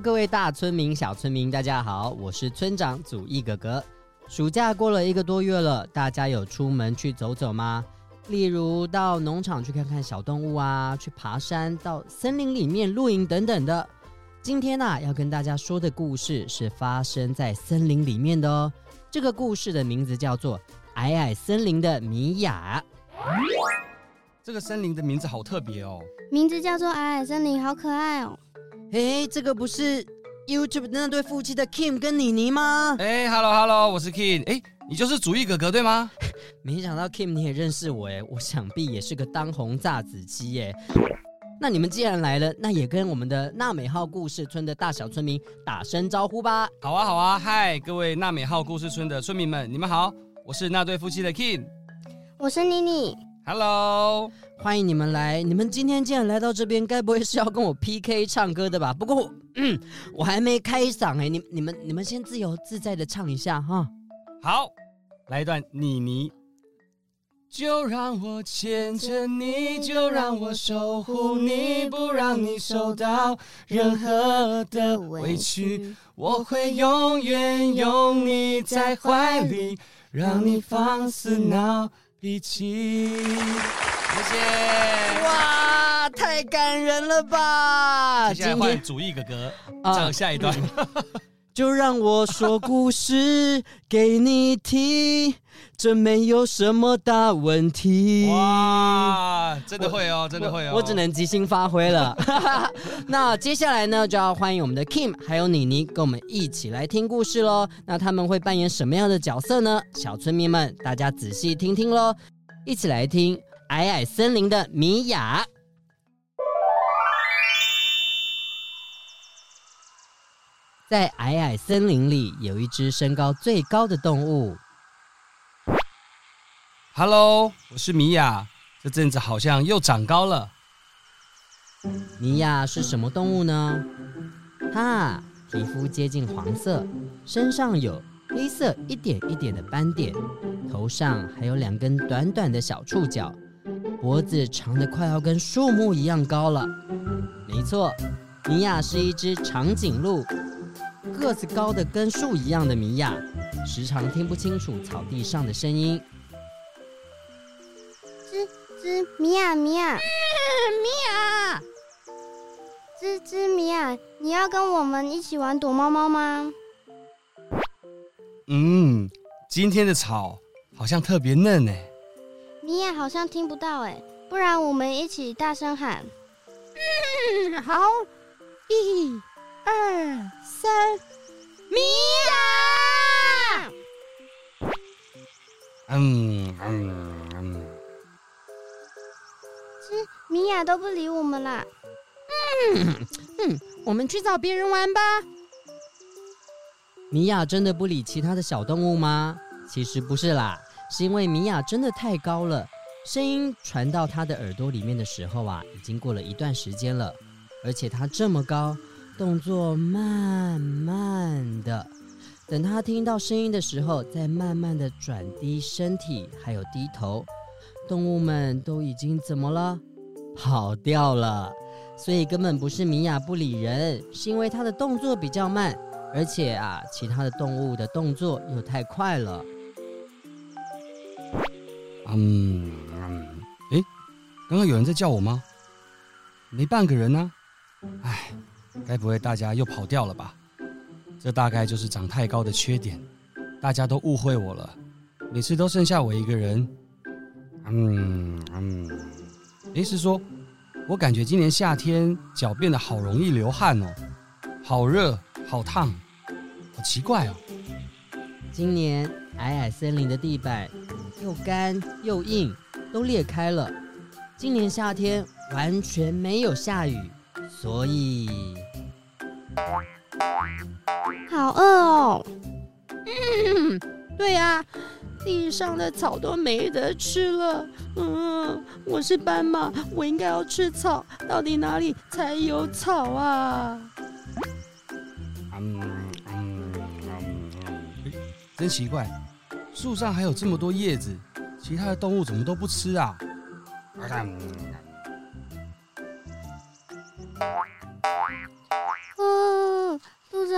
各位大村民、小村民，大家好，我是村長祖逸哥哥。暑假過了一個多月了，大家有出門去走走嗎？例如到農場去看看小動物啊，去爬山，到森林裡面露營等等的。今天呢、啊，要跟大家說的故事是發生在森林裡面的哦。這個故事的名字叫做《矮矮森林的米亞》。這個森林的名字好特別哦，名字叫做矮矮森林，好可愛哦。哎，這個不是 YouTube 的那對夫妻的 Kim 跟妮妮嗎？哎，Hello Hello，我是 Kim，哎，你就是祖逸哥哥對嗎？沒想到 Kim 你也認識我哎，我想必也是個當紅炸子雞哎。那你們既然來了，那也跟我們的納美號故事村的大小村民打聲招呼吧。好啊好啊，嗨，Hi, 各位納美號故事村的村民們，你們好，我是那對夫妻的 Kim，我是妮妮。Hello，歡迎你們來。你們今天既然來到這邊，該不會是要跟我 PK 唱歌的吧？不過，我、嗯、我還沒開嗓哎，你你們你們先自由自在的唱一下哈。好，來一段《妮妮》。就讓我牽着你，就讓我守護你，不讓你受到任何的委屈。我會永遠擁你在懷裡，讓你放肆鬧。一起，謝謝。哇，太感人了吧！接下來換祖逸哥哥唱天下一段。嗯 就讓我說故事給你聽， 這沒有什麼大問題。哇，真的會哦，我真的會哦，我，我只能即興發揮了。那接下來呢，就要歡迎我們的 Kim 還有妮妮跟我們一起來聽故事嘍。那他們會扮演什麼樣的角色呢？小村民們，大家仔細聽聽嘍，一起來聽矮矮森林的米婭。在矮矮森林裡，有一隻身高最高的動物。Hello，我是米亞，這陣子好像又長高了。米亞是什麼動物呢？牠，皮膚接近黃色，身上有黑色一點一點的斑點，頭上還有兩根短短的小觸角，脖子長得快要跟樹木一樣高了。沒錯，米亞是一隻長頸鹿。個子高得跟樹一樣的米婭，時常聽不清楚草地上的聲音。吱吱，米婭，米婭，嗯，米婭，吱吱，米婭，你要跟我們一起玩躲貓貓嗎？嗯，今天的草好像特別嫩呢。米婭好像聽不到哎，不然我們一起大聲喊。嗯，好，嘀嘀。二三，米婭！嗯嗯嗯，米婭都不理我們了嗯。嗯，我們去找別人玩吧。米婭真的不理其他的小動物嗎？其實不是啦，是因為米婭真的太高了，聲音傳到她的耳朵裡面的時候啊，已經過了一段時間了，而且她這麼高。動作慢慢的，等他聽到聲音的時候，再慢慢的轉低身體，還有低頭。動物們都已經怎麼了？跑掉了。所以根本不是米亞不理人，是因為他的動作比較慢，而且啊，其他的動物的動作又太快了。嗯，哎、嗯，剛、欸、剛有人在叫我嗎？沒半個人呢、啊。該不會大家又跑掉了吧？這大概就是長太高的缺點，大家都誤會我了，每次都剩下我一個人。嗯嗯，意思是說，我感覺今年夏天腳變得好容易流汗哦，好熱，好燙，好燙，好奇怪哦。今年矮矮森林的地板又乾又硬，都裂開了。今年夏天完全沒有下雨，所以。好餓哦！嗯，對呀，地上的草都沒得吃了。嗯，我是斑馬，我應該要吃草。到底哪裡才有草啊？嗯，真奇怪，樹上還有這麼多葉子，其他的動物怎麼都不吃啊？嗯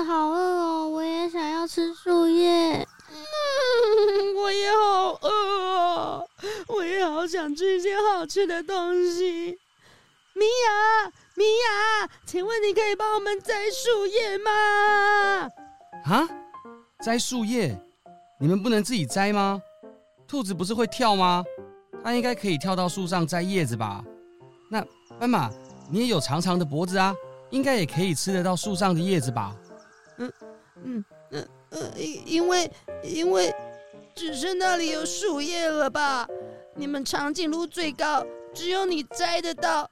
好餓哦，我也想要吃樹葉。嗯，我也好餓哦，我也好想吃一些好吃的東西。米亞，米亞，請問你可以幫我們摘樹葉嗎？啊？摘樹葉？你們不能自己摘嗎？兔子不是會跳嗎？它應該可以跳到樹上摘葉子吧？那斑馬，你也有長長的脖子啊，應該也可以吃得到樹上的葉子吧？嗯嗯嗯因為、嗯、因為，因為只剩那裡有樹葉了吧？你們長頸鹿最高，只有你摘得到，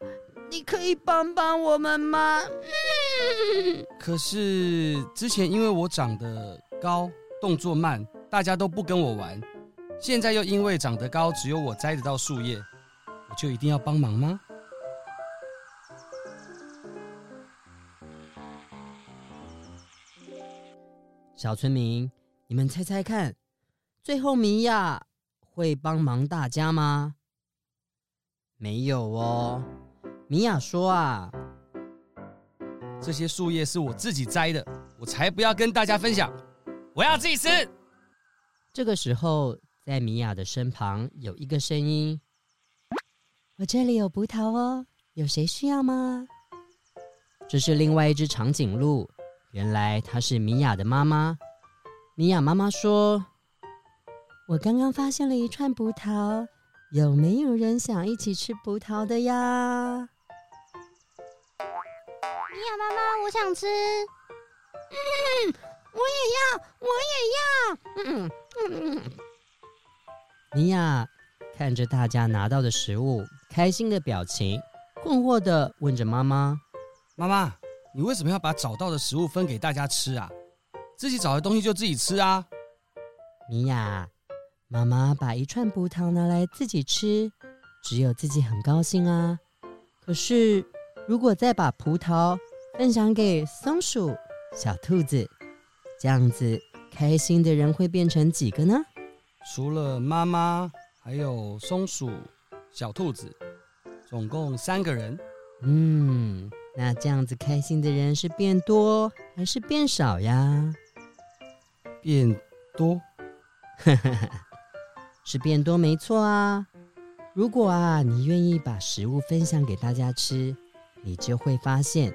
你可以幫幫我們嗎？嗯、可是之前因為我長得高，動作慢，大家都不跟我玩，現在又因為長得高，只有我摘得到樹葉，我就一定要幫忙嗎？小村民，你們猜猜看，最後米婭會幫忙大家嗎？沒有哦，米婭說啊，這些樹葉是我自己摘的，我才不要跟大家分享，我要自己吃。這個時候，在米婭的身旁有一個聲音：“我這裡有葡萄哦，有誰需要嗎？”這是另外一隻長頸鹿。原來她是米亞的媽媽。米亞媽媽說：“我剛剛發現了一串葡萄，有沒有人想一起吃葡萄的呀？”米亞媽媽，我想吃。嗯，我也要，我也要。嗯嗯嗯。米亞看着大家拿到的食物，開心的表情，困惑的問着媽媽：“媽媽。”你為什麼要把找到的食物分給大家吃啊？自己找的東西就自己吃啊。米亞，媽媽把一串葡萄拿來自己吃，只有自己很高興啊。可是，如果再把葡萄分享給松鼠、小兔子，這樣子開心的人會變成幾個呢？除了媽媽，還有松鼠、小兔子，總共三個人。嗯。那這樣子，開心的人是變多還是變少呀？變多， 是變多沒錯啊。如果啊，你願意把食物分享給大家吃，你就會發現，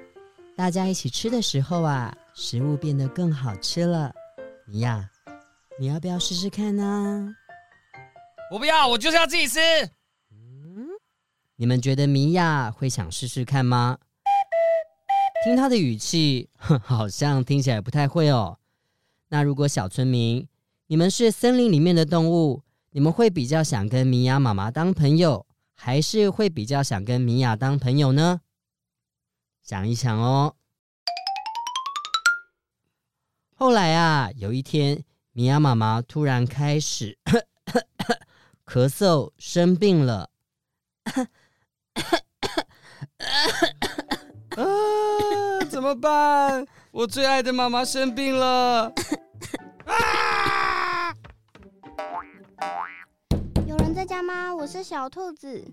大家一起吃的時候啊，食物變得更好吃了。米亞，你要不要試試看呢？我不要，我就是要自己吃。嗯，你們覺得米亞會想試試看嗎？聽他的語氣，好像聽起來不太會哦。那如果小村民，你們是森林裡面的動物，你們會比較想跟米亞媽媽當朋友，還是會比較想跟米亞當朋友呢？想一想哦。後來啊，有一天，米亞媽媽突然開始咳嗽，咳嗽生病了。咳怎麼辦？我最愛的媽媽生病了！ 啊、有人在家嗎？我是小兔子，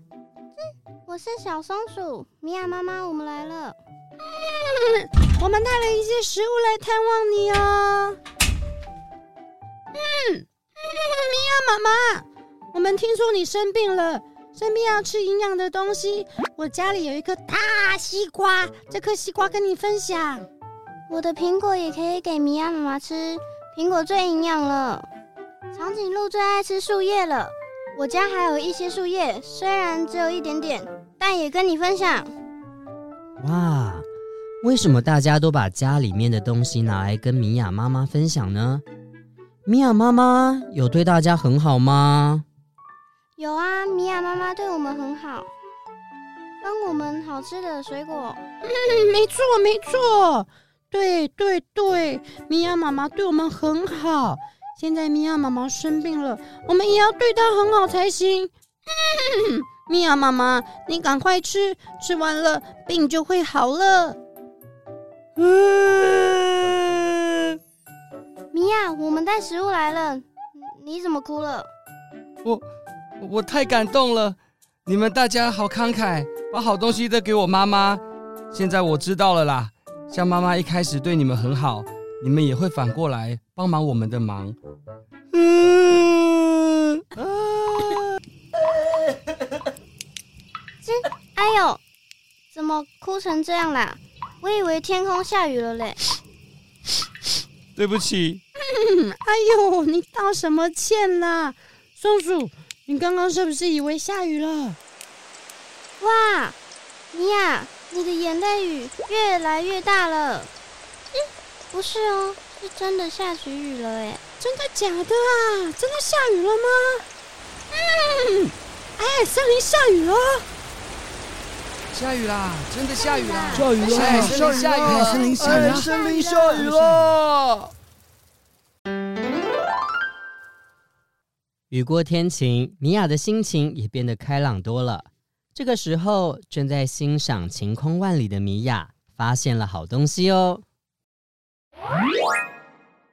我是小松鼠，米亞媽媽，我們來了，嗯、我們帶了一些食物來探望你哦。嗯，嗯米亞媽媽，我們聽說你生病了。生病要吃營養的東西。我家裡有一顆大西瓜，這顆西瓜跟你分享。我的蘋果也可以給米亞媽媽吃，蘋果最營養了。長頸鹿最愛吃樹葉了，我家還有一些樹葉，雖然只有一點點，但也跟你分享。哇，為什麼大家都把家裡面的東西拿來跟米亞媽媽分享呢？米亞媽媽有對大家很好嗎？有啊，米亞媽媽對我們很好，幫我們好吃的水果。嗯，沒錯，沒錯，對對對，米亞媽媽對我們很好。現在米亞媽媽生病了，我們也要對她很好才行。嗯、米亞媽媽，你趕快吃，吃完了病就會好了。嗯，米亞，我們帶食物來了，你怎麼哭了？我。我太感動了，你們大家好慷慨，把好東西都給我媽媽。現在我知道了啦，像媽媽一開始對你們很好，你們也會反過來幫忙我們的忙。嗯，啊、 哎呦，怎麼哭成這樣啦？我以為天空下雨了嘞。對不起。哎呦，你道什麼歉啦，啊，松鼠？你剛剛是不是以為下雨了？哇，妮呀，你的眼淚雨越來越大了。嗯，不是哦，是真的下起雨了。哎，真的假的啊？真的下雨了嗎？嗯，哎，森林下雨了，下雨啦，真的下雨啦。下雨了，下雨了，森林下雨了，森林下雨了。雨過天晴，米亞的心情也變得開朗多了。這個時候，正在欣賞晴空萬里的米亞發現了好東西哦！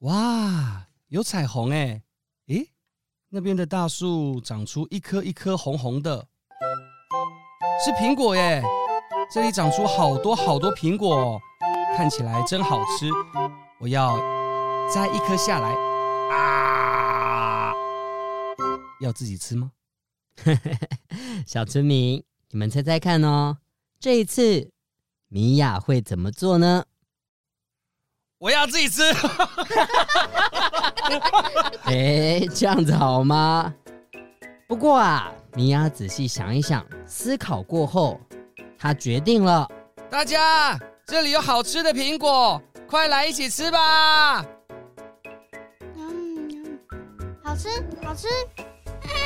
哇，有彩虹哎！咦，那邊的大樹長出一顆一顆紅紅的，是蘋果耶！這裡長出好多好多蘋果，看起來真好吃。我要摘一顆下來啊！要自己吃嗎？ 小村民？你們猜猜看哦，這一次米亞會怎麼做呢？我要自己吃。哎、 欸，這樣子好嗎？不過啊，米亞仔細想一想，思考過後，她決定了。大家，這裡有好吃的蘋果，快來一起吃吧！嗯、好吃，好吃。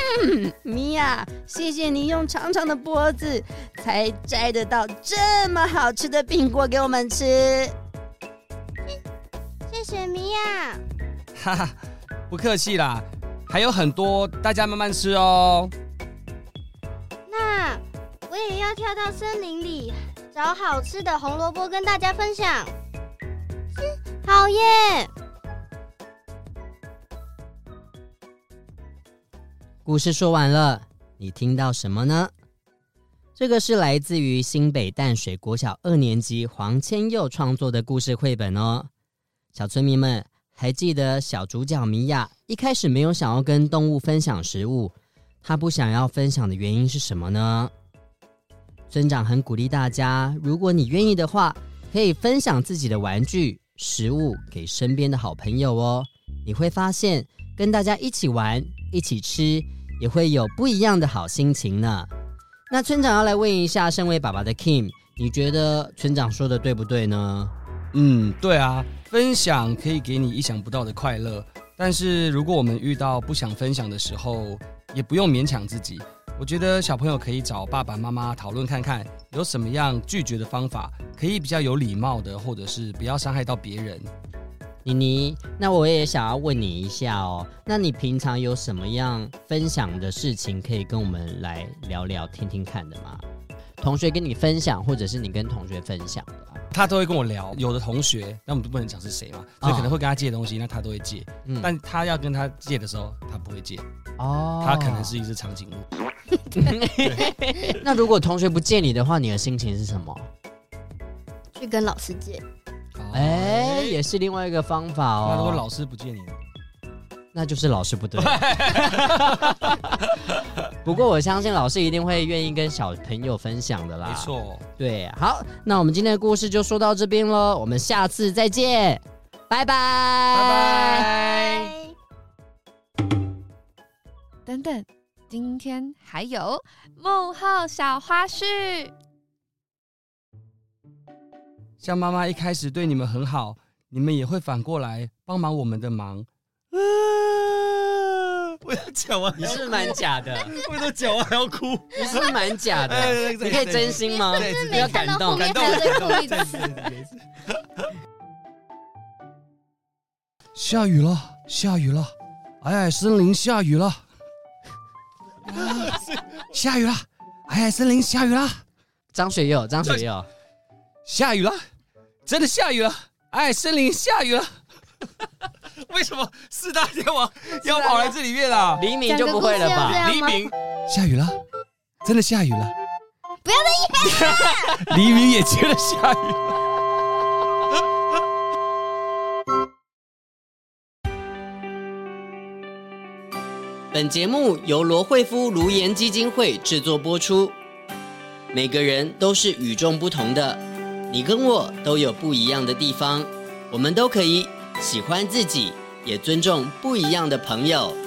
米婭，嗯、Mia, 謝謝你用長長的脖子才摘得到這麼好吃的蘋果給我們吃。謝謝米婭。哈哈， 不客氣啦，還有很多，大家慢慢吃哦。那我也要跳到森林裡找好吃的紅蘿蔔跟大家分享。嗯、好耶！故事說完了，你聽到什麼呢？這個是來自於新北淡水國小二年級黃千祐創作的故事繪本哦。小村民們還記得小主角米婭一開始沒有想要跟動物分享食物，她不想要分享的原因是什麼呢？村長很鼓勵大家，如果你願意的話，可以分享自己的玩具、食物給身邊的好朋友哦。你會發現，跟大家一起玩、一起吃，也會有不一樣的好心情呢。那村長要來問一下，身為爸爸的 Kim，你覺得村長說的對不對呢？嗯，對啊，分享可以給你意想不到的快樂。但是如果我們遇到不想分享的時候，也不用勉強自己。我覺得小朋友可以找爸爸媽媽討論看看，有什麼樣拒絕的方法，可以比較有禮貌的，或者是不要傷害到別人。妮妮，那我也想要問你一下哦，那你平常有什麼樣分享的事情可以跟我們來聊聊、聽聽看的嗎？同學跟你分享，或者是你跟同學分享的？啊，他都會跟我聊。有的同學，嗯、那我們不能講是誰嘛，哦、所以可能會跟他借東西，那他都會借。嗯、但他要跟他借的時候，他不會借。哦、嗯，他可能是一隻長頸鹿。那如果同學不借你的話，你的心情是什麼？去跟老師借。哎，哎也是另外一個方法哦。那、啊、如果老師不借你，那就是老師不對。哎、 不過我相信老師一定會願意跟小朋友分享的啦。沒錯。對，好，那我們今天的故事就說到這邊咯。我們下次再見，拜拜。拜拜。等等，今天還有幕後小花絮。像媽媽一開始對你們很好，你們也會反過來幫忙我們的忙。不要叫啊，你是蠻假的，為了叫啊，還要哭。你是蠻假的，你可以真心嗎？ 你是不要感動， 你是是沒感動， 感動，的， 下雨了，下雨了，矮、哎、矮森林下雨了，下雨了，矮矮森林下雨了。張、哎、 學友，張學友。下雨了，真的下雨了！哎，森林下雨了， 為什麼四大天王要跑來這裡面了？啊、黎明就不會了吧？黎明下雨了，真的下雨了，不要再演了， 黎明也覺得下雨了。 本節目由羅慧夫顱顏基金會製作播出，每個人都是與眾不同的。你跟我都有不一樣的地方，我們都可以喜歡自己，也尊重不一樣的朋友。